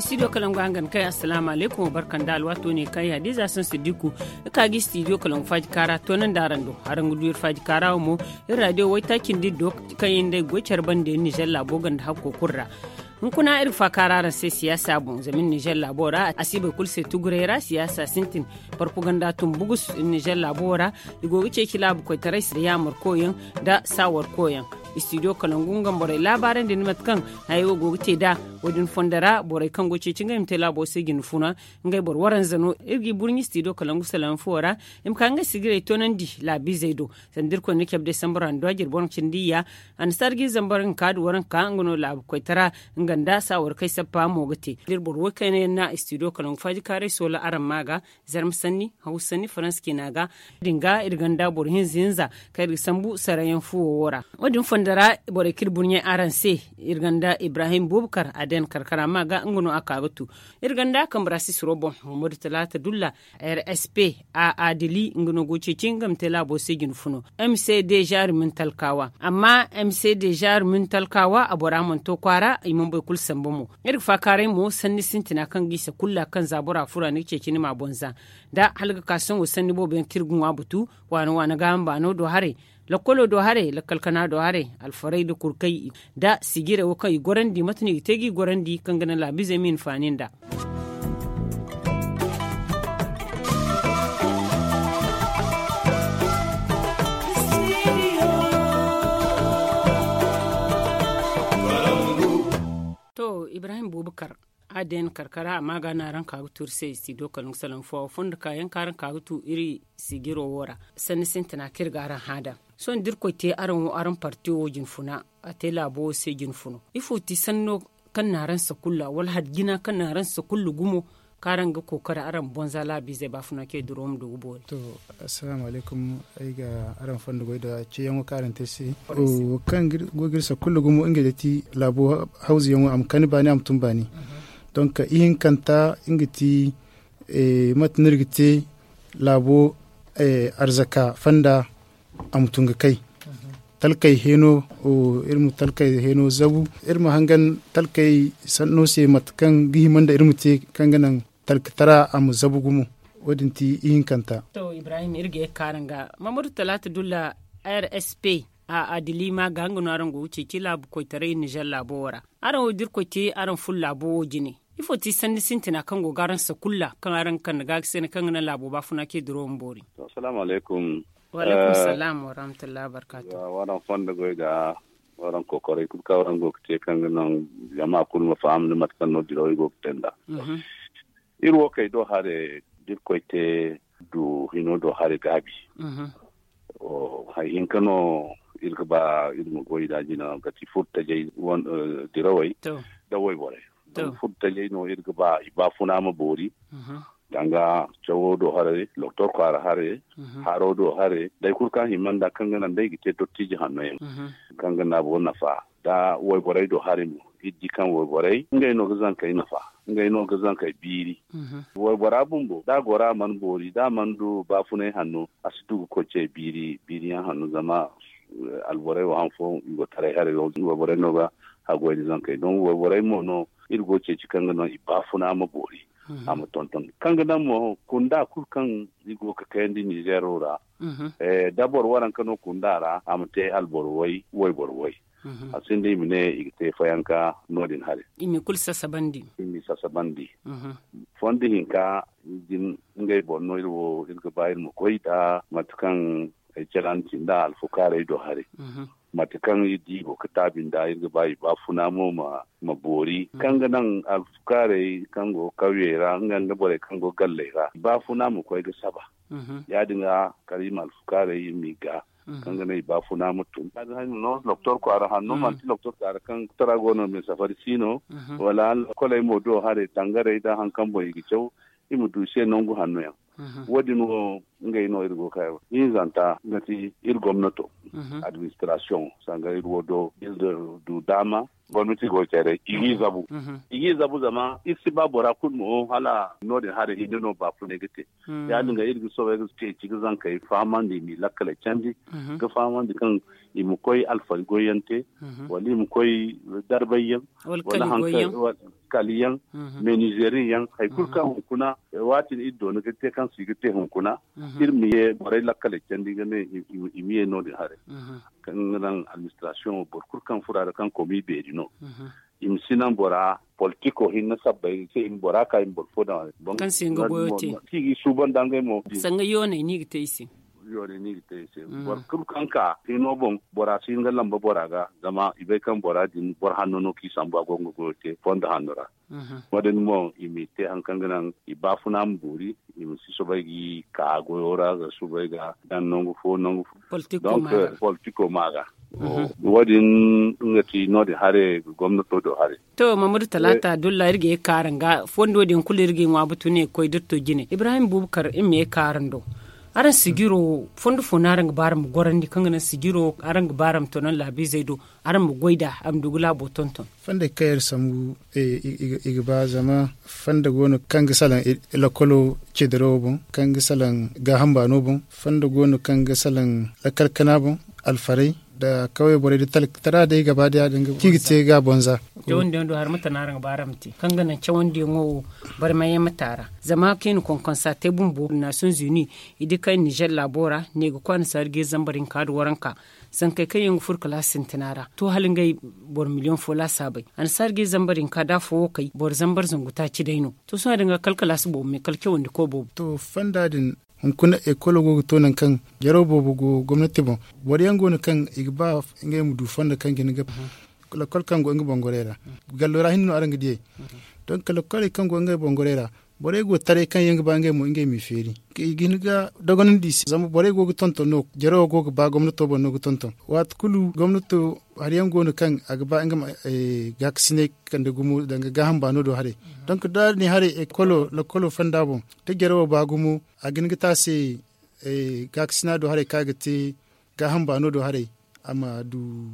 studio kalangu hangan kai assalamu alaikum barkan da alwato ne kai hadiza san sidiku ka gi studio kalangu faji kara to nan daran do haran gudur faji kara mu in radio wai takin di do kai inda gocar bande ni jalla bogan da hakko kurra in kuna irin sai siyasa bon zamin Niger Labora asibe kulse tugurera siyasa sintin propaganda tun bugus Niger Labora igo wuce kila bu ko tarai siriya koyin da sawar koyan. studio kanangun gan borai labaran da nimat kan ayo go te da wadin fondara borai kan goce cin ga imtela bo se gin funa ngai bor waran zano irgi burni studio kanangu salam fuwara im kan ga sigire tonan di la bizaido sandir ko ne kebde sambara ndo dojir bon cin diya an sargi zambarin kadu waran ka ngono la ko tara nganda sa war kai sappa mo gote dir bor wakane na studio kanangu faji kare sola aran maga zarm sanni hausani faranski naga dinga irganda bor hin zinza kai sambu sarayen fuwara wadin dara kirbun ya RNC irganda ibrahim bubkar aden karkara ma ga ngono akagatu irganda kambrasi surobon modi talata dulla rsp a adili ngono goce cingam tela bo segin funo mcd jar mun talkawa amma mcd jar mun talkawa abora mun to kwara imon bai kul sambomo irg fakare mo sanni sintina kan gisa kulla kan zabura fura ni ce kinima bonza da halga kasan wasanni bo ben kirgun wabutu wani wani gamba no do hare lakkolo do hare lakkalkana do hare alfarai da kurkai da sigire wakai gorandi matni tegi gorandi kangana la bizemin faninda to ibrahim bubakar aden karkara a magana ran kagutur sai si dokalin salon fo ka kayan karan kagutu iri sigiro wora sani sintina kirgaran hada son dirko te aran wo aran partiwo jinfuna te labo se jinfuno ifo ti sanno kan naran sa kulla wal had gina kan naran sa kullu gumo karan ga kokara aran bonza labi zai ba funa ke durom da gubo to assalamu alaikum ai ga aran fandu goida ce yan karan te se o kan gogir sa kullu gumo inge da ti labo hauzi yan am kan bani am tun bani mhm. don ka ihin kanta inge ti e eh, matnirgite labo eh, arzaka fanda am tunga kai talkai heno o irmu talkai heno zabu irmu hangan talkai sanno se matkan gihiman da irmu te ganan talkatara amu zabu gumu wadin ti ihin kanta to ibrahim irge karanga mamadu Talatu dulla rsp a adilima gangu aran go wuce ki labu ko tare niger labo wara aran o dir ko ti aran ful labo o jini ifo ti sanni sintina kan go garan sa kulla kan aran kan ga sen kan na labo ba funa ke duro mbori assalamu alaikum walaikum eh, salam wa rahmatullahi barkatu waran fonda goy ga waran kokore kul ka waran go te kan nan jama kul ma faam ne mat kan no diro go tenda mhm. iru o kay do hare dir koy te du hino do hare gaabi. Mhm. o hay hin kano irga ba irmo goy da jina gati futta jey won eh, dirawai da way bore futta jey no irga ba ba funama bori mhm. danga do hare doctor ko ara hare mhm. do hare day kur kan himanda kangana dai gite dottiji hannoyen mhm. kangana bo nafa da bore do hare mu idi kan woyboray ngayno ga zan kai nafa ngayno ga zan kay biiri mhm. bora bumbo da gora man boori da man do ba funai hanno ko che biiri biiri yan hanno zama eh, alboray wa han fo go taray hare woyboray noga ha goyni zan don wai bore mo no irgo ceci kanga noon i bafunama boori Mm-hmm. a ton ton kanga nan mo kunda kul kan zigo ka kayandi nigero ra mm-hmm. eh dabor waran kano kunda ra a te albor wai wai bor wai mm-hmm. a sindi mine igite fayanka nodin hali imi kul sasabandi imi sasabandi fondi hinka din ngai no ilwo ilga bayin mu koita matukan jalantin eh, tinda alfukare do hari matakan yi boka tabin da ba yi ba funamo ma mabori hmm. kanga nan alfukare kango nga nga bore kango gallera ba funamo ko ga saba mm-hmm. ya dinga karima alfukare miga mm-hmm. kanga ne ba funa tun kaga hanyo no doctor ko ara hanno mm. man ti ka ara kan tara gono me safari sino mm-hmm. wala ko lay modo hare tangare da hankan boy gicho imu dushe nongu hanno ya Uh-huh. wodi no ngeyno irgo kayo inzanta ngati irgomnoto uh-huh. administration sanga irwo do ilde du dama gwamnati go tere igi uh-huh. zabu igi zabu zama isi ba bora kun mo hala no de hare hinde no ba fune gite hmm. ya dinga irgi so ga ce ci zan kai famandi mi lakkale candi ga famandi kan imi koy alfal goyante wala imi koy darbay yan wala hankal kali yan menigeri yan hay kul kan hunkuna watin i doni te kan sigi te hukuna. irmi ye boray lakkale candi gane imi no de hare kan nan administration bor kul kan furara kan komi no im sinan bora politiko na sabba se im bora ka im bor foda bon kan singo boyote tigi suban dangemo sanga yone ni giteisi yori ni te se mm. bor kum kanka tino bon bora sin ga lamba bora ga zama ibe kan bora din bor hanono no ki samba go go te fonda hanora wadan mm-hmm. mo imi te han kan ganan iba nam buri imi si so gi ka go ora ga so ga dan nongo fo nongo politiko maga politiko maga wadin ngati de hare to do hare to mamadu talata eh. dulla irge karanga fondo din kulirge wa butune koy dotto jine ibrahim bubkar imme karando aran sigiro fondo fona aran baram gorandi kangana sigiro aran gbaram tonon labi zaido aran mu goida am dugula botonton fanda kayar samu e, igba zama fanda gono kanga salan lokolo cedero bon kanga salan gahamba no bon fanda gono kanga salan lakalkana bon alfarai da kawai bore da talk tara da gaba da yadin gaba kiki ce ga bonza da wanda yadda har mata naran baramti kan ganan ce wanda yango bar mai matara zama kin kon konsa te bumbo na sun zuni idi kai Niger labora ne ga kwan sarge zambarin kadu waranka san kai kai yin fur klasin tinara to halin gai bor miliyon fola sabai an sarge zambarin kada fo kai bor zambar zunguta ci daino to suna dinga kalkala su bo me kalke wanda ko bo to fandadin kuna ekolo go to nan kan yaro bo go gwamnati bo wari yango na kan igba ngai mu du fanda kan gina gaba la kol kan go ngai bongorera mm. gallora hinno aranga die mm-hmm. donc la kol kan go ngai bongorera bore go tare kan yang bange mo inge mi feri ginga di disi zamu bore go tonton no jero go ba gwamnato bo no tonton. wat kulu to har yan no kan agba ingam e gaksine kan de gumu danga gahan ba no do hare donc da ni hare e kolo lo kolo fanda bon te jero ba gumu agin gita se e gaksina do hare kagati gahan ba no do hare ama du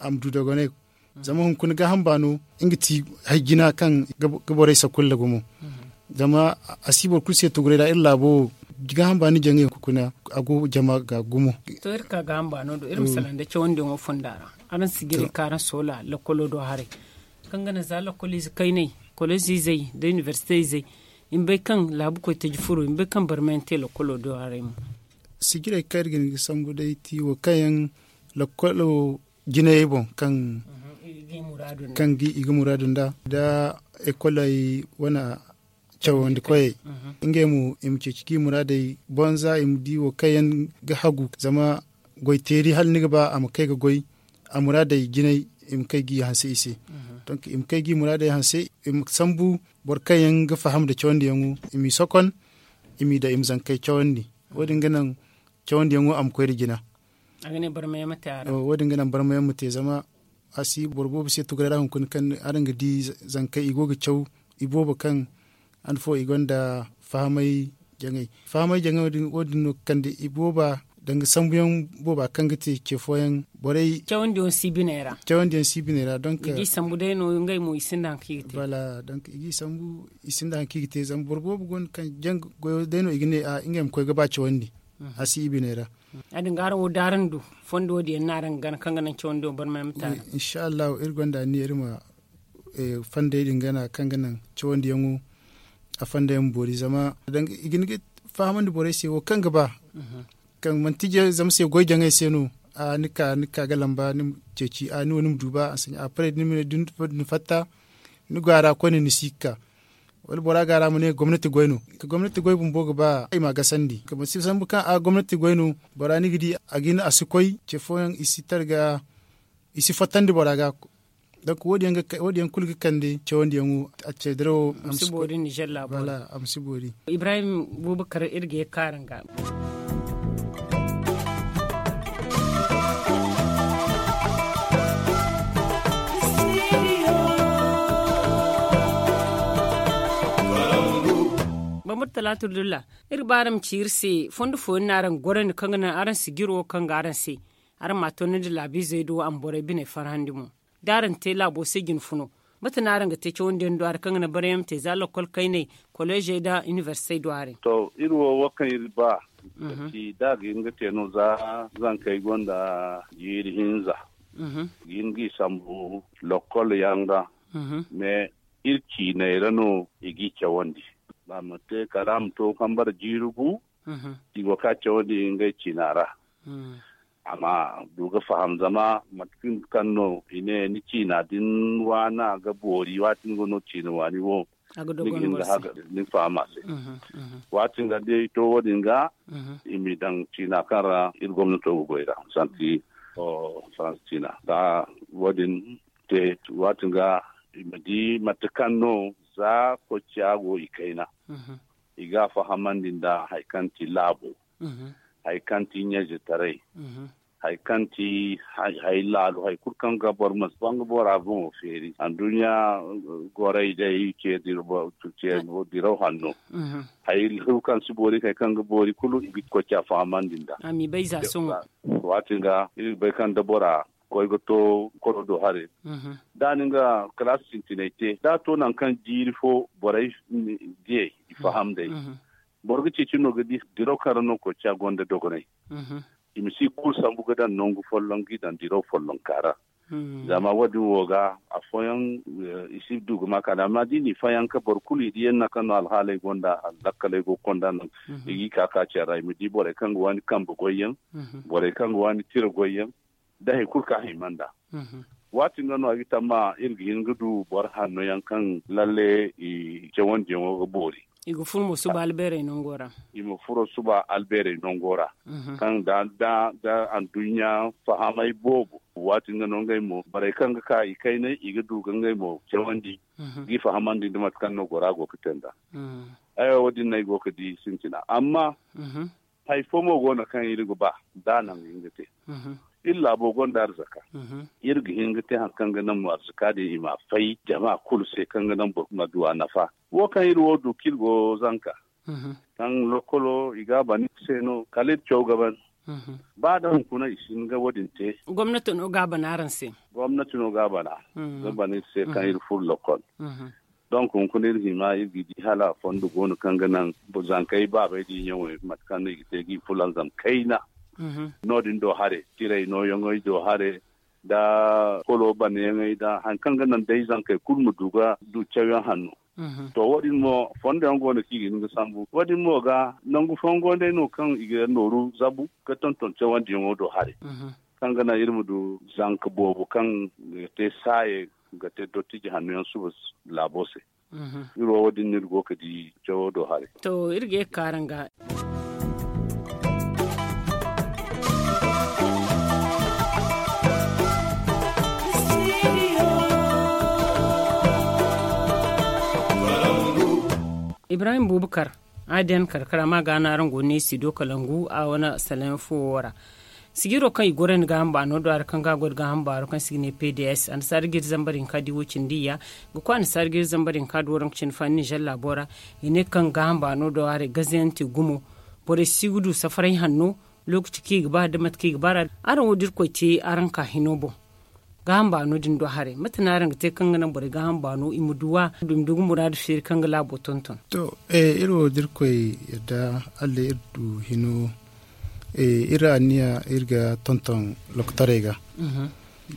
am du dogone zamu hun kun gahan ba no ingiti hajina kan gabore sakulla gumu zama asibor kusie da ir labo diga hamba ni jenge kukuna agu jama ga gumo to ir ka gamba no do ir misalande mm. ce wonde mo fundara aran sigiri karan sola la kolo do hare gana za la kai ne kolo zai da university zai in bai kan labu ko ta jifuru in bai kan barmente la kolo do hare mu irin san sambu dai ti wa kayan la kolo jine bon kan kan gi igi muradun da da ekolai wana cewa cawandi koye mhm. ingemu im ceciki muradai bonza im diwo kayan ga hagu zama goy teri hal ni ba am kai ga a goy amuradai ginai im kai gi hanse ise mhm. donc im kai gi mura muradai hanse im sambu bor kayan ga faham da cewa cawandi yangu imi sokon imi da im cewa cawandi mhm. wadin ganan cawandi yangu am koyri gina a agane barmaye mata yara oh, wadin ganan barmaye mata zama asi borbo bise tugara hun kun kan aranga di kai igoga ibo ba kan an fo igonda famai jangai famai jangai din odin kande iboba danga sambuyan boba kangati ke foyan borai cewon dion sibinera cewon dion sibinera donc igi sambu de no ngai mo isinda kigite voilà donc igi sambu isinda kigite zan borbo gon kan jang go de no igne a ingem ko gaba cewondi mhm. asi ibinera mhm. adin garan wo daran du fondo di naran gan kangana cewon do bar mai mutane. insha Allah irgonda er ni irma er e eh, fande din gana kanganan cewon di yango fanda yin bori zama dan igin fahaman bori se wa kan gaba mhm. kan mantije zama se goy jangai seno a nika nika ga lamba ni ceci a ni wani duba a sanya a fara ni mai fatta ni gwara ko ni nisika wani bora gara mu ne gwamnati goyno ka gwamnati goy bumbo ga ba yi ma di. ka musi san bukan a gwamnati goyno bora ni gidi a gina asukoi ce foyan isi targa isi fatan di bora ga donc wodi yanga wodi yang kulgi kandi ce wodi yangu acce dro am sibori niger la bala am sibori ibrahim bubakar irge karanga bamar talatu lulla ir baram cirse fondo fo naran goran kangana aran sigiro kanga aran se aran matoni de labi zaido an bore bine farhandimo daran te labo sigin funo mata naranga te chonde ndwar na barem te zalo kol ne college da university duwari. to irwo wakan ba mhm. ki daga yin te no za zan kai gonda za hinza mhm. gi sambu lokal yanga mhm. me irki na irano igi chawandi ba mate karam to kambar jirugu igwa ka chawandi inga chinara amma duga faham zama matkin kanno ine ni na din wana ga bori watin gono cina wani wo nigin da haka ni fama se mhm, mhm. watin ga dai to wodin ga mhm. imi dan na kara ir gwamnato goira santi o france cina da wodin te watin ga matakan matkanno za ko ciago ikaina iga fahamandin da haikanti labo hay hay nyajitarai haikanti hailaalu haikurkanga bormas banga bora bongo feri andunya gorai dai ke dirbo tuce bo dirau hanno hai hukan su bori kai kanga bori kulu ibit ko cha famandinda ami bai za sun watinga ibi bai kan da bora koy koygo to koro do hare daninga class tintinete da to nan kan jiri fo borai je fahamdai borgo cicino gedi diro karano ko ca gonde dogonai mm-hmm. si kul sambu gada nongu follongi dan diro follon kara mm-hmm. zama wadi woga a foyan eh, isi dugu maka da ma dini fayan ka borkuli diye na kan alhalai gonda al alakkalai go konda nan mm-hmm. igi kaka cara mi di bore kan wani kambu goyen bore kan wani tira goyen da he kulka himanda wati ngano agita ma irgi ngudu bor hanno yankan lalle i jewon jewo bori igo furmo suba albere nongora imo furo suba albere nongora mhm. kan da da da an dunya fahamai bobo wati nga nongai mo bare kan ka ikai ne iga du gangai mo cewandi mm -hmm. gi fahamandi dum kan no gora go kitenda mm ayo wadi nai go kadi sintina amma pai mhm. fomo go na kan irigo ba da nan ingate mhm. illa bogon da arzaka yirga mhm. hinga te han kanga nan mu arzaka de ima fai jama kul se kanga nan burkuma duwa nafa wo kan yirwo du kilgo zanka kan mhm. lokolo iga bani seno kalit gaban mhm. ba da hunkuna isin ga wadin te gwamnati no gaba na ran se gwamnati no gaba na bani se kan yir fur lokol donc hunkunir hima yirgi di hala fondu gonu kanga nan buzankai ba bai di nyawe matkan ne gite gi fulan zam kaina Mm-hmm. nodin do hare tire no yongoi do hare da kolo bane yongoi da hankan ganan dai zankai kulmu duga du cewen hannu mm-hmm. to waɗin mo fonde on ne kigi nga sambu wadi mo ga nangu ne no kan igira noru zabu ka tonton di mo do hare mm-hmm. kan ganan irmu du zanka bobu kan te saye ga te ji hannu yan subus labose iro waɗin nirgo ka di cewo do hare to irge karanga ibrahim bubakar adiyan karkara ma gana rango ne doka kalangu a wani salon fowara sigiro kai goren ga hamba no do arkan ga god ga hamba arkan sigine pds an sargir zambarin kadi wucin diya ga kwan sargir zambarin kadi woran cin fanni jalla bora ine kan ga hamba no do are gazenti gumo bore sigudu safarai hannu lokaci ki gaba da matki gabara aran wudir ko aran ka hinobo ba no dindo hare hare matanaran te kanga nan bore ba no imuduwa dum dum muradu shir kanga labo botonton to e iro dirkoi da alle irdu hino e ira irga tonton loktorega mhm.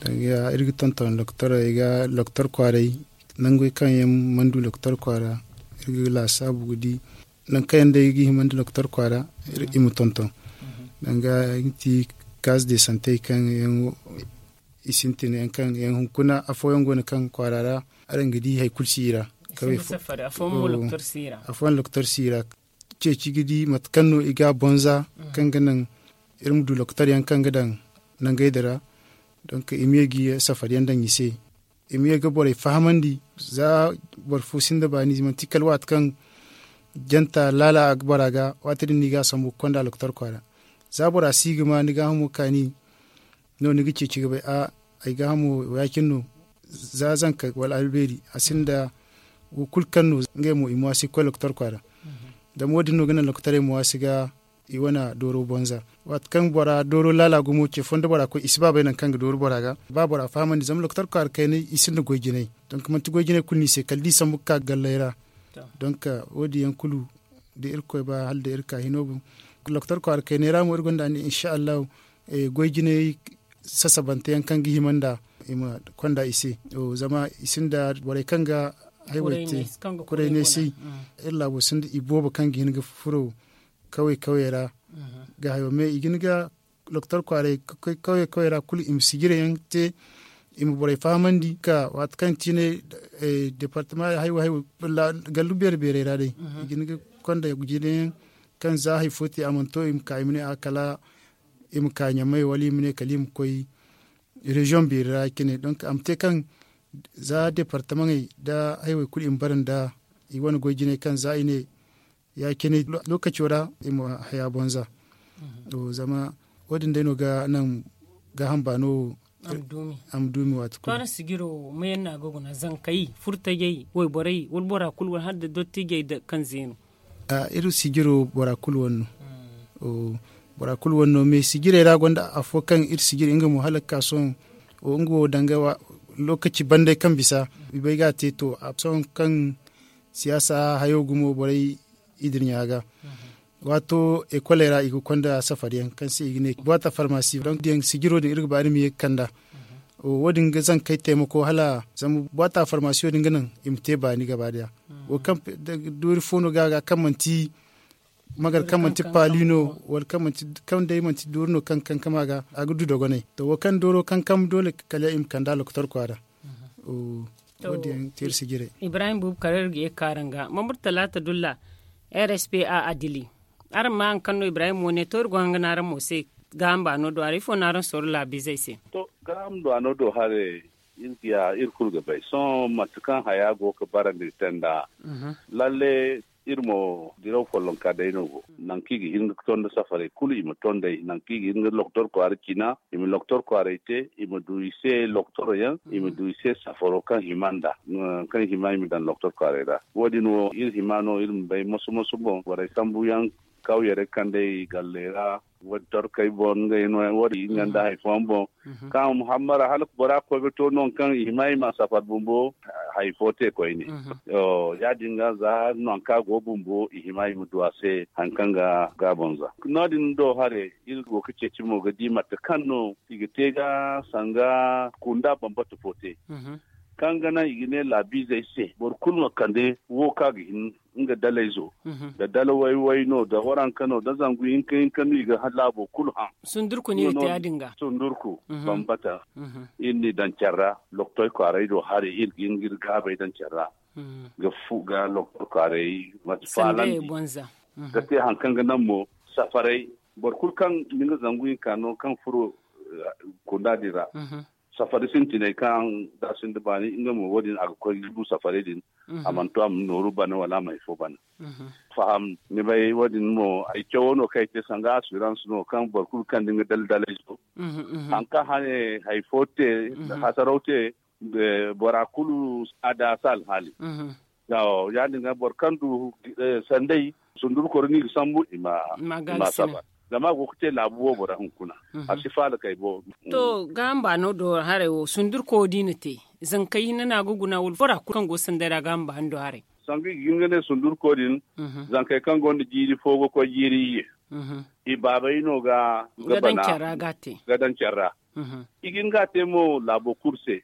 daga irga tonton loktorega loktor kware nangwe kan yam mandu loktor kwara irga la sabu gudi nan kan da yigi mandu loktor kwara imu tonton mhm. daga inti cas de santé kan yam isintin yankan yan kuna a yango gwani kan kwarara aran gidi hai kulsira kawai afon oh. loktor sira ce ci gidi matkanno iga bonza mm. kan ganin irin du loktor yankan gadan nan gaidara don ka imegi safar dan yise ga bore di za sin da bani ni man tikal wat kan janta lala agbaraga watirin ga sambu konda loktor kwara za bora sigma ga humu kani no ni gici ci gaba a ai ga mu yakin no za zan ka wal alberi asinda kul kanno ngai mu imu asi ko loktor kwara da modi no ganan loktare mu asiga iwana doro bonza wat kan bora doro lala gumo ce fonda bora ko isba bayan kan ga doro bora ga ba bora ni zam loktar kwara kai ni isin da ne don kuma tu gogine ni se kalli samuka gallaira don ka wodi Kulu da irko ba hal da irka hinobu loktar kwara kai ne ramu irgon da ni insha Allah e sasabanta yankan gihiman da ima kwanda isi o zama isin da warai ga haiwaite kurai ne si mm. illa bo sun da ibo ba kan gihin ga furo kawai kawai ra mm-hmm. ga haiwa me igin ga loktar kware kawai kawai ra kuli im sigire yan te im borai di ka wat kan tine e, departement haiwa haiwa galubiyar bere ra dai mm-hmm. igin ga kwanda gujine kan zahi foti amanto im kaimne akala im ka mai wali mine kalim koi region bira kine donc am te kan za département da aiwai kul im baran da i wani goji ne kan za ine ya kine lokaci wada ima haya bonza mhm. to zama wadin dai no ga nan ga no eh, amdumi amdumi wato na sigiro mai na zan kai furta gai wai borai wal bora kulwan har da dotti gei da kan zeno a iru sigiro bora wonno mm. o oh, bara kul wanno me sigire ra gonda a kan ir sigire inga mu halaka son o ngo danga wa lokaci bande kan bisa bai ga te to son kan siyasa hayo gumo borai idirnya ga wato e kolera iko konda yan kan si igine bata farmasi don diyan sigiro din irga bari mi kanda o wadin ga zan kai taimako hala zamu bata farmasi wadin ganin imte ba ni gaba daya o kan duri fono ga ga kan manti magar ci palino wal ci kan dai manti durno kan kan kama ga agudu dogonai to kan doro kan kam dole kalya im kan dalo kutar kwara o wadi tir sigire ibrahim bub karar ge karanga mamur talata dulla rspa adili ar an kanno ibrahim woni tor gonganara mose gamba no do ari fo naran sor la bizaise to gam do do hare india irkul gabai so matukan hayago ka barandi tenda lalle irmo diraw kolon ka daynogo hmm. nan kigi hinga tondo safare kulu ima tonday nan kigi hinga loktor ko ar kina ima loktor ko ar ite ima duise loktor yan hmm. ima duise safaro kan himanda kan hima imi dan loktor ko ar da wodi no ir himano ir mbay moso moso bon wara sambu yang kaw yɛrɛ kande gallera dorkay bon ngayno wari mm-hmm. nganda da fon bon mm-hmm. kam um hammara hal bora ko to non kan yi ma safat bumbo hay fote ko ini mm-hmm. o ya dinga za non ka go bumbo yi mu do ase ka ga bonza nodin do hare il go kice cimo ga di mat kanno igitega sanga kunda bambato pote. kangana igine la bizai se bor kulma kande wo kaga hin nga dalai zo mhm. da dala wai wai no da waran kano da zangu in kai in kanu iga halabo kulha sundurku ne ta dinga sundurku mhm. bambata mhm. inni dan charra loktoy ko arai do hari il gingir bai dan charra ga fu ga lokto ko arai mat falan da te han kangana mo safarai bor kul kan ninga zangu in kano kan furo eh, kundadira safari sin tine kan da sin da bani inga mo wodin aga ko libu safari din mhm. aman to am noru bana wala mai fo bana mhm. faham ne bai wodin mo ai cewono kai te sanga assurance no kan barkul kan dinga dal dalai so mhm, an ka hane hay fote hasarote borakulu ada sal hali yawo ya dinga borkandu e, sandai sundur korni sambu ima ma saba zama ko kute labuwa bora kuna mhm. a si fala kai bo to gamba no do hare wo sundur ko te zan kai na na guguna wul fora kan go sandara gamba do hare sangi gingane sundur ko din mhm. zan kai kan gonda jiri fogo ko jiri ye mhm. i baba ino ga gaba bana gadan kyarra gate gadan kyarra igin gate mo labo kurse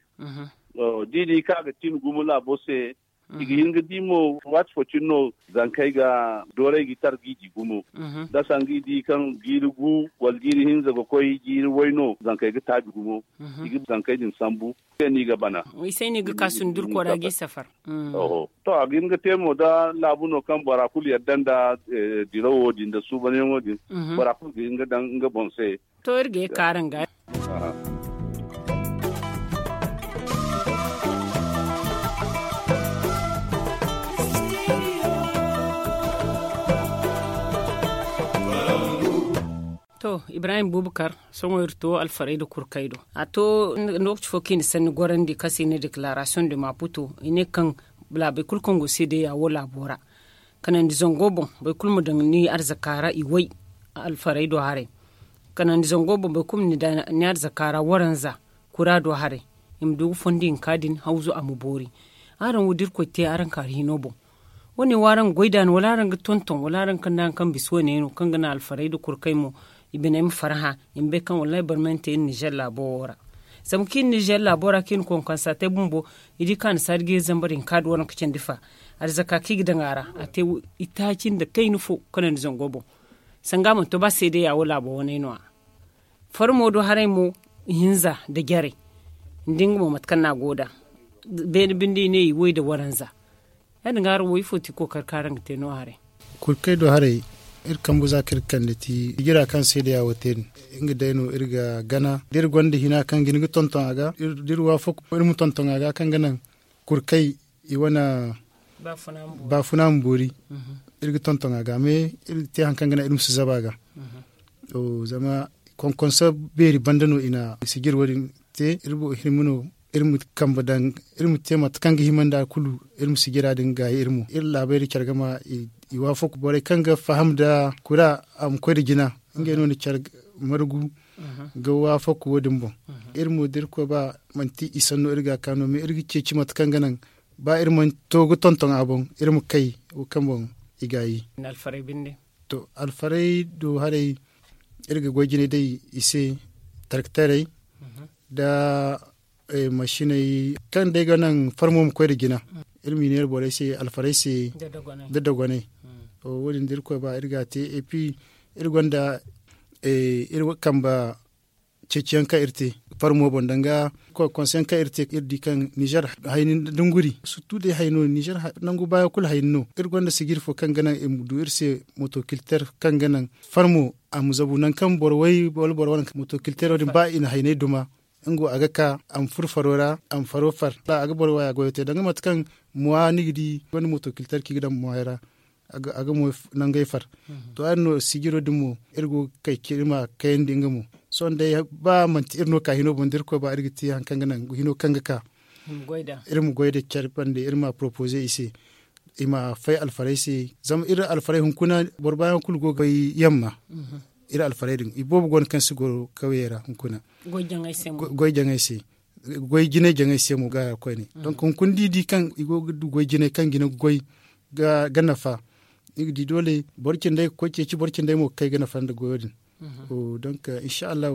didi ga tin gumu labo se Mhm. igihinga dimo wat focino zankai ga dore gitar giji gumo mhm. da sangi di kan giri gu wal giri hinza go koi giri waino zankai ga tabi gumo mhm. igi zankai din sambu ni ga bana wai sai ni ga kasun dur ko ragi safar oho to agin ga temo da labuno kan barakul yaddan da eh, dirawo din da su bane mo din barakul ga dan ga bonse to irge karanga to ibrahim bubukar songoyir to alfaraido kurkaido a to nokci fo kini sanni gorandi kasi ne declaration de maputo ine kan la kul kongo sede ya wo labora kanandi zongo bon bai kulmu dan ni arzakara iwai alfaraido hare kanandi zongo bon bai kulmu da ni arzakara waranza kurado hare imdu fundin kadin hauzo amubori aran wudir ko te aran karhino bon wani waran goidan wala ran tonton ran kan kan biswo ne no kan gana alfarai da kurkai mu faraha farha imbe kan wallahi mente in niger labora sam kin niger labora kin kon konstate bumbo idi kan sarge in kad wona kicin difa arzaka kig dangara ate itacin da kai nufo kanan zangobo sangama to ba sai dai yawo labo wani noa farmo do harai mo hinza da gyare dinga mo matakan na goda ben bindi ne yi wai da waranza ya dinga har wai ti ko karkaran te no hare kai do hare irkan buza kirkan da ti gira kan sai da ya wate ni inga daino irga gana dir gwanda hina kan gini tonton aga dir wa fuk mu tonton aga kan ganan kurkai iwana ba funan bori mhm. irga tonton aga me irga te hankan gana irin su zaba ga mhm. o zama konkonsa beri bandano ina sigir wadin te irbo hirmuno irmu kamba irin irmu te kan gi himanda kulu irmu sigira din irin irmu irin labari kyargama iwa foku bore kanga da kura am ah, ko rigina inge no ni char margu ga wa foku wodin bon ir mo dir ko ba manti isanno irga kano mi irgi ce ci mat kanga nan ba ir man to go tonton abon ir mu kai o kambon igayi alfarai binde to alfarai do harai irga gojine dai ise tarktare da e, mashinai kan dai ganan farmom ko rigina ilmi ne bore sai alfarai sai da dogone o wodin dir ba irga ta et puis irgon da e, e ba kamba ka irte farmo bon danga ko konsen ka irte irdi kan niger hayni dunguri surtout tude hayno niger nangu baya kul hayno irgon da sigir fo kan ganan e mudu irse kilter kan ganan farmo a zabu nan kan borwai bol borwan kilter odin ba ina hayne duma ingo aga ka am furfarora am farofar la aga borwaya goyote danga matkan muwa nigidi wani ki gidan muwaira a ga mu nan gaifar to arno sigiro dimo irgo kai kirma kayan dinga mu son da ba man irno ka hino bondir ko ba irgiti han kanga nan hino kanga ka goida irmu goida charpan da irma propose ise ima fai alfarai si zam ir alfarai hun kuna borbayan kulgo bai yamma mhm. ir alfarai din ibo ibobu gon kan sigoro kawera hun kuna goy jangay si goy gine jangay si mu ga ko ni mhm. donc hun kun didi kan igo goy gine kan gine goy ga ganafa igdi dole borkin dai ko ke ci borkin dai mu kai gana fanda goyodin mhm. o oh, donc insha Allah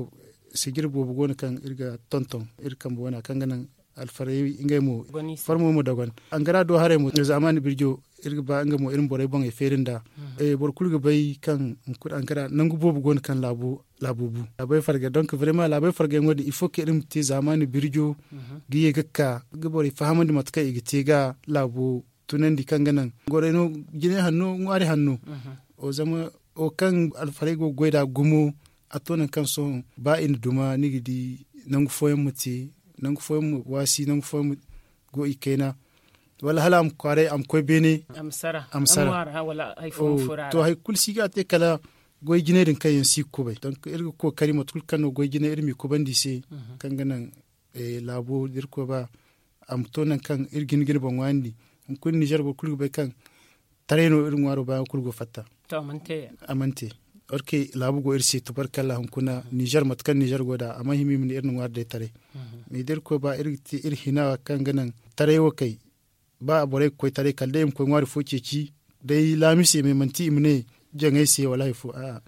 sigir bobu gona kan irga tonton irkan bo wana kan ganan alfarai mu. mo farmo mo dagon an gara do hare mu. zamani birjo irga ba anga mu irin borai bon e ferin da e bor kulga bai kan kur an gara nangu bobu gon kan labu labubu labai farga donc vraiment labai farga ngodi il faut que irin ti zamani birjo mhm. giye gakka gabori fahamandi matka igitiga labu tunan di kan ganan gore no jine hannu ngware hanno mhm. o zama o kan alfare go goida gumo atona kan so ba in duma nigidi nangu foyen muti nangu foyen mu wasi nangu foyen mu go ikena wala hala am kware am koy bene am sara am sara wala hay fo oh, fura to hay kul siga te kala go jine din kayen si kubai donc irgo ko karima tul kano go jine irmi kubandi se mhm. kan ganan e eh, labo dirko ba am tonan kan irgin girban wandi kun niger go kulgo bai kan tareno irin waro bayan ko fatta to amante amante orke labu go irsi tubarkalla kuna niger matkan niger go da amma himi min irin ya tare mi dir ko ba iri ir hinawa kan ganan tare wa kai ba abore ko tare kalde im ko ngari fo ceci dai lamise mai manti imne jangai se wala haifu a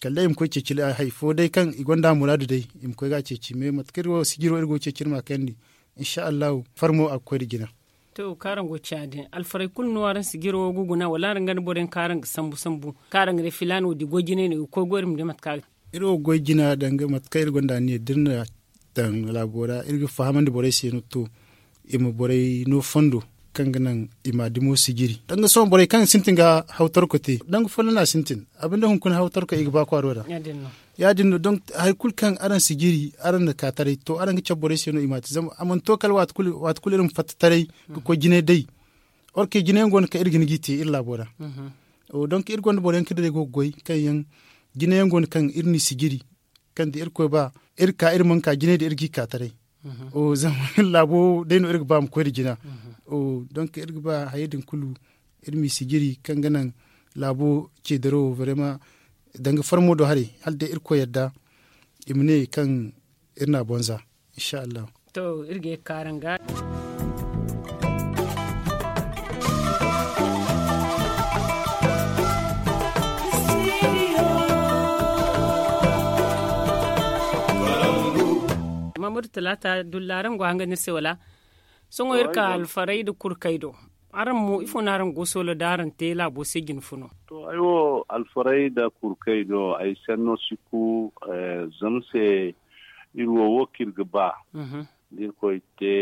kalde im ko ceci la haifo dai kan igonda muradu dai im ko ga ceci me matkir wa sigiro irgo ceci ma kandi insha Allah farmo akwai gina to karan go chadin alfarai kul nuwaran sigiro guguna walaran gan boren karan sambu sambu karan re filano di gojine ne ko gorim de matka iro gojina danga matka ir gonda ni dirna tan labora fahaman fahamande borai sino to ima borai no fondo ima dimo sigiri danga son borai kan sintinga hautar kote danga fulana sintin abinda kun hautar ka igba kwarora yadin no don hay kul kan aran sigiri aran da katare to aran ga chabbore no imati zama amon to kal wat kul wat kul irin fatatare mm-hmm. ko jine dai orke jine ngon ka irgin giti illa bora mm-hmm. o donc irgon boren ka go goy kan yan jine ngon kan irni sigiri kan da irko ba irka irman ka jine da irgi katare mm-hmm. o zama labo dai no irga ba mu ko jina o donc irga ba hayedin kulu irmi sigiri kan ganan labo ke daro vraiment danga farmo da hari halde irko yadda imne kan irna bonza insha Allah to irge karanga mamadu talata dullaran gwanga wala. sewala wayar ka alfarai da kurkaido aran mu ifo naran gosolo daran tela bose gin funo to ayo alfarai da kurkai da ay sanno siku eh, zamse il wo wokil gba mhm. dir ko ite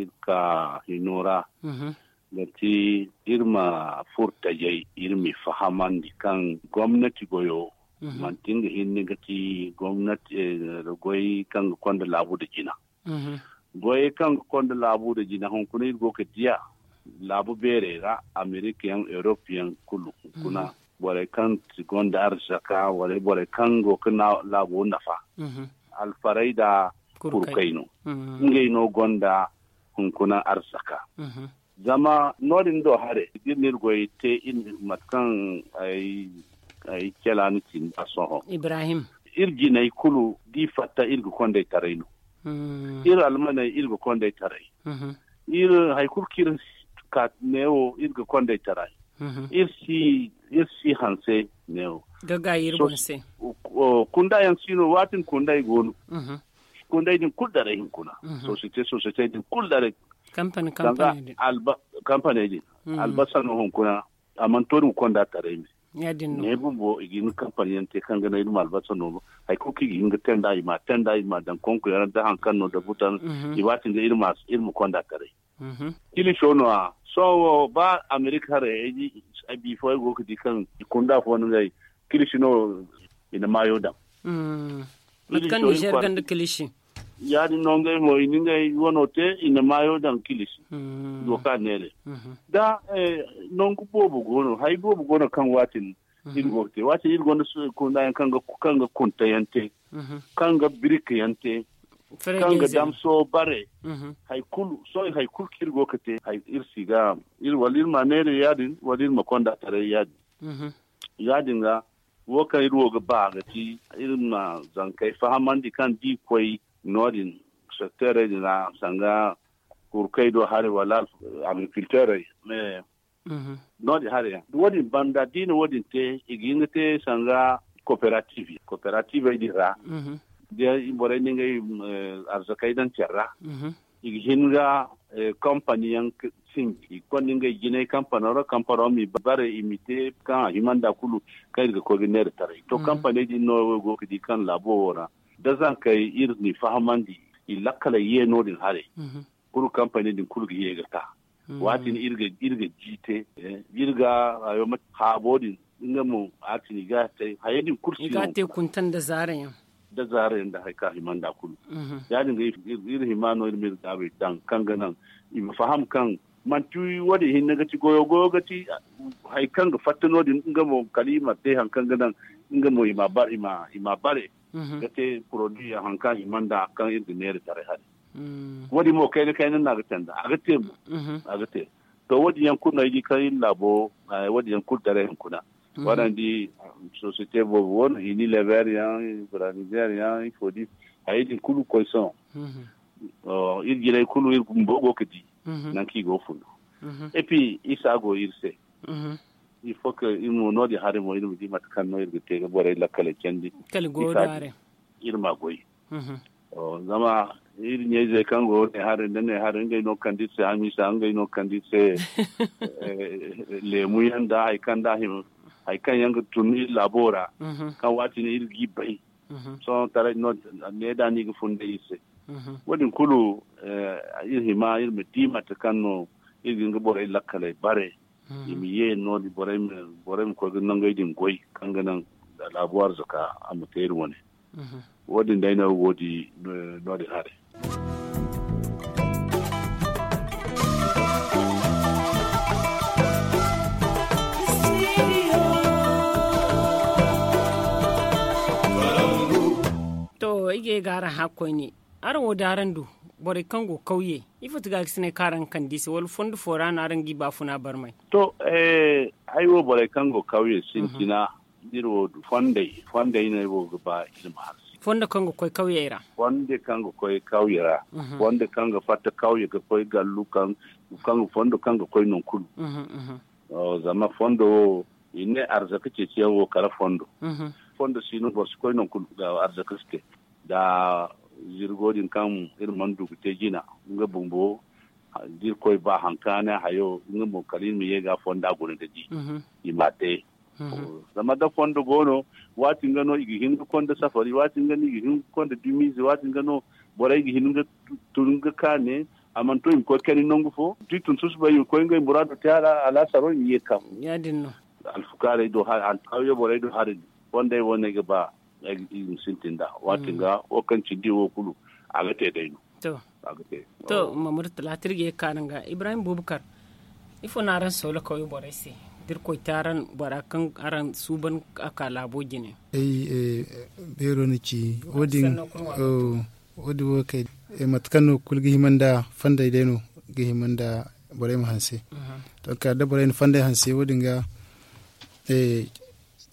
irka ka hinora mhm. lati irma furta jai irmi fahamandi kan gwamnati goyo mhm. mantinga hinniga gati gwamnati eh, goyi kan konda labu da jina goyi kan konda labu da jina irgo goka diya labu bere ra amerika yan europe yan kulu kuna wale kan da arzaka wale bore kan go na labo nafa mhm. alfaraida kurkaino mhm. ino gonda hunkuna arzaka mhm. zama norin do hare dinir goyi te in matkan ay ay kelani tin asoho ibrahim irgi na ikulu di fatta irgu konde tarayno ir almana irgu konde taray ir haykul kirin ka newo irgu konde taray ir si yesi hanse neo gaga yirgonse kunda yan sino watin kunda i gonu mhm. kunda din kuldare hin kuna mhm. societe societe din kuldare company company din alba company din mhm. albasa no hon kuna amman torin konda tare mi yadin no ne bumbo igin company yan te kan ganai mal albasa no ai ko ki inga tenda ma tenda ma dan konko yana da hankan no da butan i watin da irma irmu konda tare kili shono a so ba america re abi fo go kiti kan kunda fo no ngai kilishi no ina mayo dam mm matkan niger ganda kilishi yaadi noon ngay mo ini ngay wonote ina maayoɗan kilis ɗo ka nele da eh, noongu boobo goono hay boobo goono kan waatin mm-hmm. irgorte waatin irgonde kondaen kanga kanga kuntayante mm-hmm. kanga birikeyante kanga damso bare mhm. hay kulu soy hay kul kirgo kate hay irsiga ir walir manere yadin walir makonda tare yadin mhm. yadin ga woka irwo ga baga ti irma zankai fahamandi kan di koi nodin secteur dina sanga kurkai do hare wala agriculture me mhm. nodi hare wodin banda dina wodin te igingate sanga cooperative cooperative dira de bore ninga eh, arzakaidan cerra mhm. hinga eh, company yang sinki kon ninga jine company ro company mi bare imite kan himanda kulu kai ga ko giner tare to mhm. company di no go di kan labo ora da zan kai irni fahamandi ilakala ye no din hare mhm. kuru company din kulu ye ga ta watin irga irga jite eh? irga ayo mat habodin inga mu atini ga tai hayadin kursi ga te kuntan da zaran da zare da haika himan da kulu mhm. ya dinga ir himano ir da bai dan kan ganan ima faham kan man tu wadi hin nagati goyo goyo gati haikan ga fatano din inga mo kalima te hankan ganan inga mo ima bar ima ima bare mhm. gate produit ya hankan himan da kan ir dinere tare hari. Mm. wadi mo kai kai nan na gatan da agate mhm. agate to wadi yankuna yi kai labo eh, wadi yankun tare yankuna waɗandi société bobo won unilever yan braniser yan il faut dire ayiɗin kulu coisson irguilay kulu ir mbogo kedi nanki go fulu et puis isago se il faut que irmo noɗi harimo irmo di mat kanno ga tege ɓore lakkale kendi kala ir ma goy zama iri ñeyse kanko ne hare ndene hare ngayno kanditse hamisa ngayno kanditse lemu yanda hay kanda him haikan yanga tuni labora mhm. kan wati ne irgi bai mhm. so tare no ne da ni funde yise mhm. wadin kulu eh, irhi ma irmi dima ta kanno irgi nga bora lakale kale bare mi ye no di bore mi bore mi ko ga nanga idin e goy kanga nan da labuwar zaka amutairu wani wadin dai na wodi eh, no di hare ige gara hakoni aran wo darandu kan kango kauye ifut ga sine karan kan disi wal fond fora aran rangi ba funa barmai to eh aiwo bore kango kauye sintina diro mhm. du fonde fonde ne wo ba ilma har fonde kango koi kauye ra fonde kango koi kauye ra fonde kango fata kauye ga koi gallu kan kango fondo kango koi non kulu mhm, mhm. o zama fondo ine arzaka ce wo kala fondo fondo sino bor koi non kulu ga arzaka ste da zirgodin kan irin mandu ta jina nga bumbo dir koy ba hankana hayo nga mo kalin mi yega fonda gona da di mhm. imate mhm. zama da fonda gono wati ngano igi hin kondo safari wati ngani igi hin kondo dumizi wati ngano bora igi hin nga turunga kane aman to ko kani nongu fo titun susba yu ko ngai murado ta ala saro yekam yadinno alfukare do ha an bora do har wonde wonne ga ba yin sintin da ga wakan kulu a to to mamur talatir ge kanan ga ibrahim bubukar ifo na ran solo ko bore se dir taran kan aran suban aka labo gine eh ci odin odi wo e matkano kulgi himanda fanda ideno gi himanda bore mu to ka da bore fanda hanse ga eh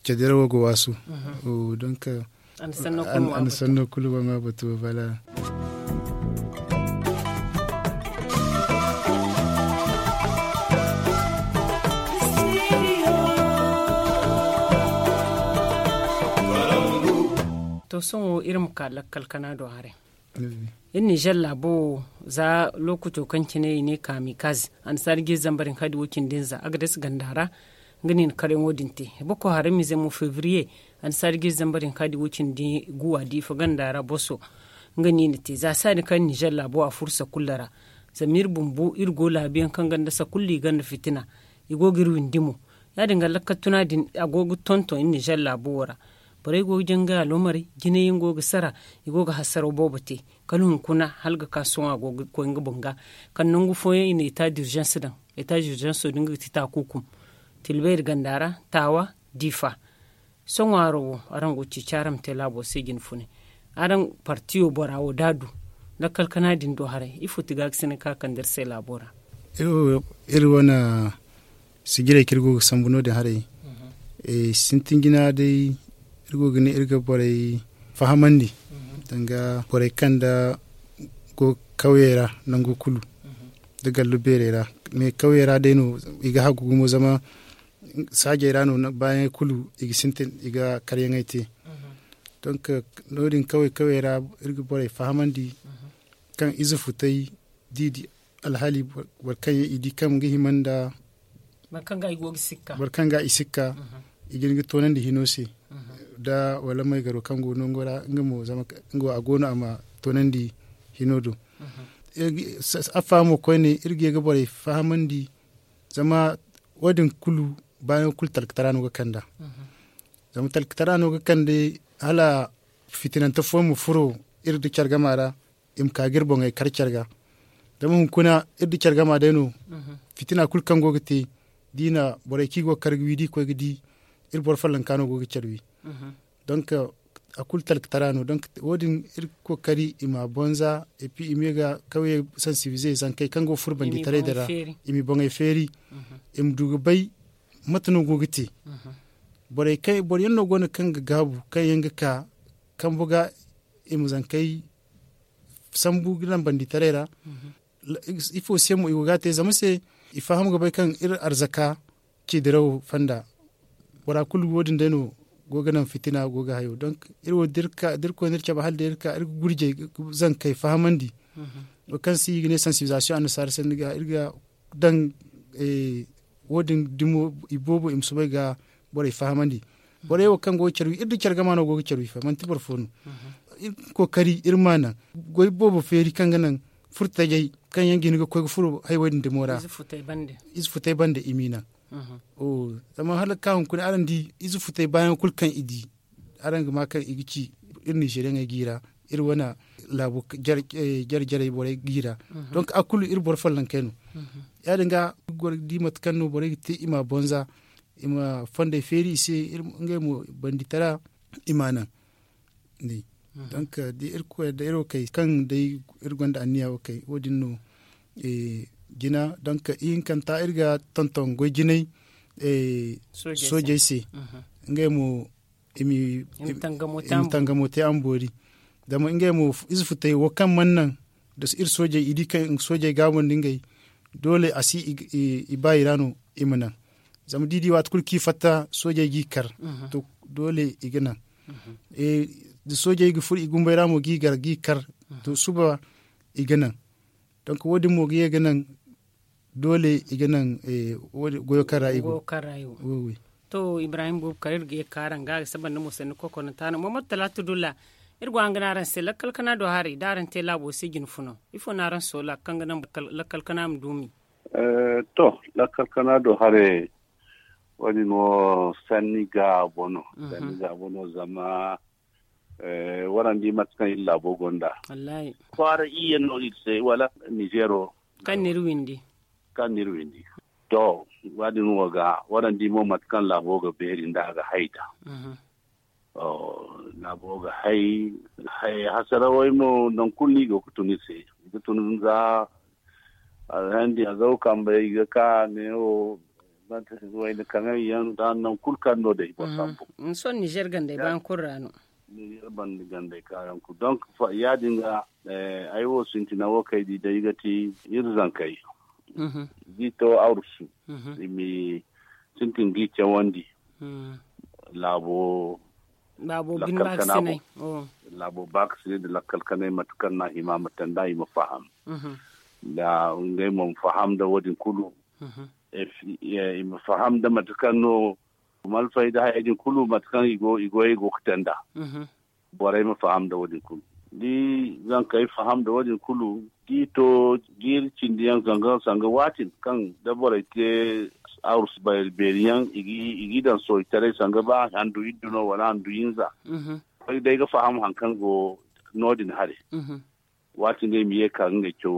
kedirar ga wasu mhm. oh, don ka an sanna kuluba ma bato bala to sun wo irin ka kalkana da hare in eh. nijar labo za lokuto kan kine ne kamikaz an sargi zambarin hadi wakin dinza agades gandara ganin karen wadin te boko harami zai mu fevrier an sargi zambarin kadi wucin di guwa di fagan dara boso gani ne te za sa ni kan nijar labo a fursa kullara zamir bumbu irgo labiyan kan ganda sa kulli ganda fitina igo girwin dimo ya dinga lakatuna din agogo tonton in nijar labo wara bare go janga lomari gine yin go sara igo ga hasaro bobote kalun kuna halga kasuwa go ko bunga kan nungu foye ina ita d'urgence dan ita d'urgence dinga kukum tilbeir gandara tawa difa songwaro wo aran uci charam te labo sigin fune aran partiyo borawo dadu da kalkana din do hare ifu tiga sene ka kan der se labora ero iri wana sigire kirgo sambuno de hare mhm. e sintingina de irgo gine irga bore fahamandi danga mhm. bore kanda go Kawera nangu kulu mhm. daga ra me Kawera dai no iga hagu gumo zama sage rano na bayan kulu igisintin iga karyan haiti don ka nodin kawai kawai ra irgi bore fahamandi kan izu yi didi alhali warkan ya idi kan gihi manda barkan ga isikka ga isikka igin gitonan da hinose da wala mai garo kan go non gora ngamo zama a agono ama tonan di hinodo fahimu ko ne ya gabarai bore fahamandi zama wadin kulu bayan kul talkitarano nuga kanda zama talkitarano nuga kande hala ta fomu furo irdu cargamara im ka girbon ay kar carga zama hunkuna irdu ma deno fitina kul kango te dina boray kigo kargwi di ko gidi ir bor fallan kano go carwi donc a kul talkitarano donc wodin ir kari ima bonza et puis imega kawye sensibiliser zan kai furu furban di tare dara imi bon ay feri mhm. im dugu bay matano gogite borai kai bor yanno gona kan gabu kan yanga ka kan buga imuzan kai sambu gilan bandi tarera ifo sai mu igogate zama sai ifaham gabai kan ir arzaka ki dirau fanda bora kul wodin dano goga nan fitina goga hayo don irwo dirka dirko nirce ba hal dirka ir gurje zan kai fahamandi mhm. kan si ne sensibilisation a nasarar sen ga irga dan eh wodin dimo ibobo im subai ga bore fahamandi bore wo kango cerwi irdu cerga mana go cerwi fa man tibar fonu mhm. ko kari irmana goy bobo feri kan nan furta jai kan yangi ni ko furo hay wadin dimora izu futai bande izu futai bande imina mhm. o zama halaka hun kun aran di izu futai bayan kulkan idi aran ma kan igici irin shirin gira ir wana labu jar eh, jar jar bore gira mhm. donc akulu ir bor fallan kenu yadinga gwar dimat kanno bore ta ima bonza ima fonde feri se ngai mu banditara imana ni mhm. donc eh, di irko da iro kai kan dai irgon da aniya wa kai wodin no e eh, gina donc in kan ta irga tonton go ginai e eh, soje se mhm. ngai mu imi tangamo ta ambori da mu ngai mu izfutai wa kan mannan da ir soje idi kan soje gabon dingai dole a asi iba iranu imanan zama didi ki kulki fatta sojeji kar mhm. to dole igana mhm. e eh, da sojeji fur igumba iramo gi gar gigar kar mhm. to suba don donc wodi mo gi ganan dole i e goyo kara igo to ibrahim bub karir ge karanga saban no musen ko na tana mamad talatu dulla irgo angana ran se lakkal kana do hari daran te labo sigin funo ifo naran so lakkal kana lakkal kana mdumi eh to lakkal kana do hari wani no sanni ga bono mhm. sanni ga bono zama eh warandi matkan illa bo gonda wallahi fara iya no itse wala nigero kan nirwindi kan nirwindi to wadin waga ga warandi mo matkan labo ga berin da ga haita mhm. na boga hai hai hasara wai mo non kunni go kutuni se kutuni za handi azau kambe ga ka ne o banta se wai da kan yan da non kulkan no dai ba mhm. sampo son niger gande ban kurrano niger ban gande kayan ku donc fa ya dinga eh, ai wo sintina wo kai di dai gati yirzan kai mhm. zito aursu mhm. imi sintin gicha wandi labo labobin ba sinai labo oh. ba sinai da lakalkanai kanai matukan na hima matan da hima faham mhm. da ngai mun faham da wadin kulu mhm. ima faham da matukan no malfai da hayajin kulu matukan igo igo igo kitanda mhm. bore ma da wadin kulu di zan kai faham da wajen kulu di to gircin diyan zanga zanga watin kan da bore te arus bayel beriyan igidan so itare sanga ba handu idduno wala handu yinza mhm. dai ga faham hankan go nodin hare mhm. wati ne miye ka nga cho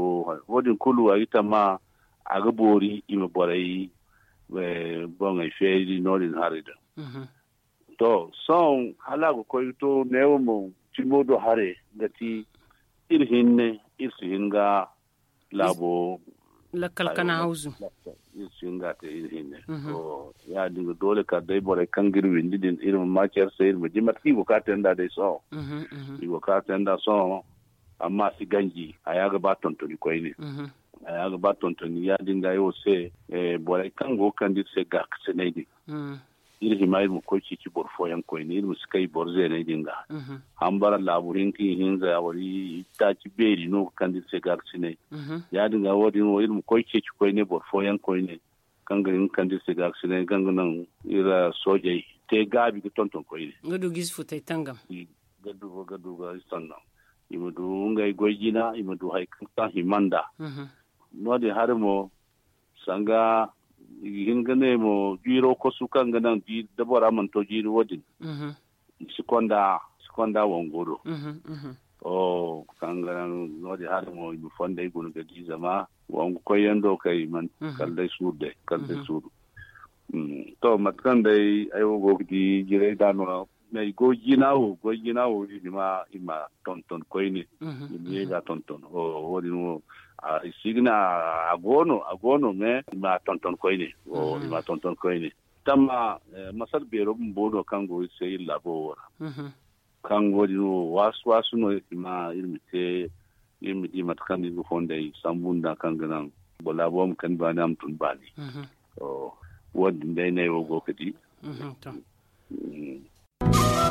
wodin kulu a ita ma a ga bori ima borai bonga feri nodin hare da mhm. to son halago ko to newo mo timodo hare gati irhinne irsihinga labo lakalkana hausu in swinga ta yin hinne mhm. so ya dinga dole ka dai bore kan girwin didin irin makiyar sai irin jimar ti bukata yanda dai so go mhm, mhm. bukata yanda so amma si ganji a ya gaba tontoni koi aya ga ya gaba tontoni ya dinga yau sai eh, bore kan go kan dit sai ga kase ne iri himai mu koki ki borfo yan koi ne mu skai bor ze ne dinga mhm. an bara laburin ki hinza ya wari ta ki beri no kan di se gar sine mhm. ya dinga wodi mo iri mu koki ki koi ne borfo yan koi ne kan garin kan di se gar sine kan nan ira soje te gabi ki tonton koi ne gudu gis futai tangam gadu gadu ga istanna du ngai du imadu haikan himanda mhm. no de mo sanga hingane mo jiro ko su kan ganan bi dabar man to jiro wadin sekonda mm-hmm. sikonda wongoro mm-hmm, mm-hmm. o oh, kan ganan wadi har mo ibu fonda igun ga ji zama won ko yando kai man kalde surde kalde suru mm, to matkan dai ayo go di jire dano mai go jinawo go jinawo ni ma ima tonton ne ni ga tonton o oh, wodi mo a signa a gono me ma tonton koyne o mhm. ma tonton koyne tama eh, masal bero mbodo kango sei labo wora mhm. kango dino wasu wasu no ma te irmi di matkan dino fonde sambunda kanganan bolabo am kan bani am tun bani o wadin dai ne wogo kadi mhm,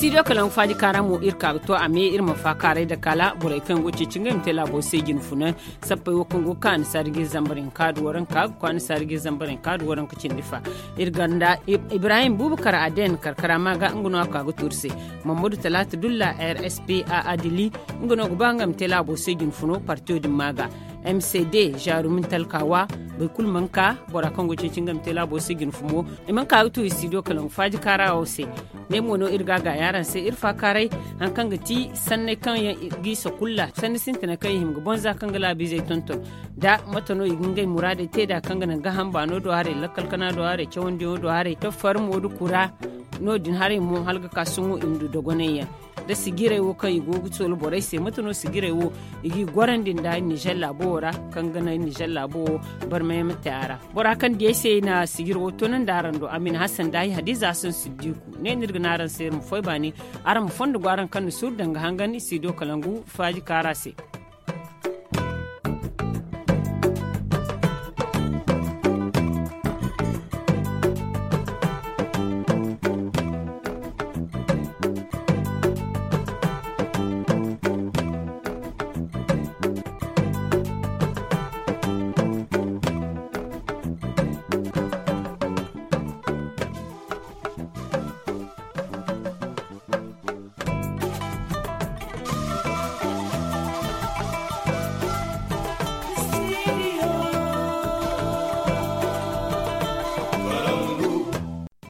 studio kalan faji kara mu irka to a me irma fa kare da kala burai kan goce cingam tela bo sai gin funa sappai wo gukan Sarge sargi zambarin kadu waran ka kwan an sargi zambarin kadu waran ka cindifa irganda ibrahim bubakar aden karkara ma ga nguno ka guturse turse mamudu talatu dulla rspa a adili nguno gubangam bangam tela bo sai gin funo partio maga mcd jarumin talkawa bai kulman ka bora kan goce cingam tela bo gin fumo iman ka isi studio kalan faji kara ose ne mono irga ga yaran sai irfa karai an kan gati sanne kan ya gisa kulla sanne na kan him gbon za kan gala bi zai tonton da no igin gai murade te da kan ganan ga hamba no do hare lakal kana do hare cewon do hare to farmo du kura nodin hari mo halga ka sungu indu gwanayya da sigire wo kan gogu gutol borai se no sigire wo igi din da Niger labora kan gana Niger labo bar mai mutara bora kan da yace na sigir wo tonan daran do Amin Hassan da yi hadiza sun siddiku ne ran sayar mu foi bani aram fondu gwaran kan sur danga hangani sido kalangu faji karase